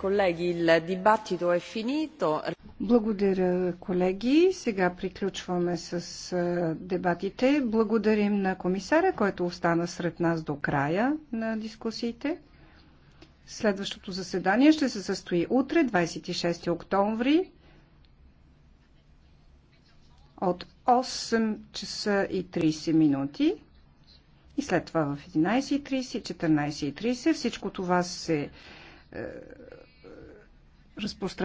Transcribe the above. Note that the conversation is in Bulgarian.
колеги, Благодаря, колеги. Сега приключваме с дебатите. Благодарим на комисаря, който остана сред нас до края на дискусиите. Следващото заседание ще се състои утре, 26 октомври, от 8 часа и 30 минути. И след това в 11.30, 14.30. Всичко това се е, е, разпространение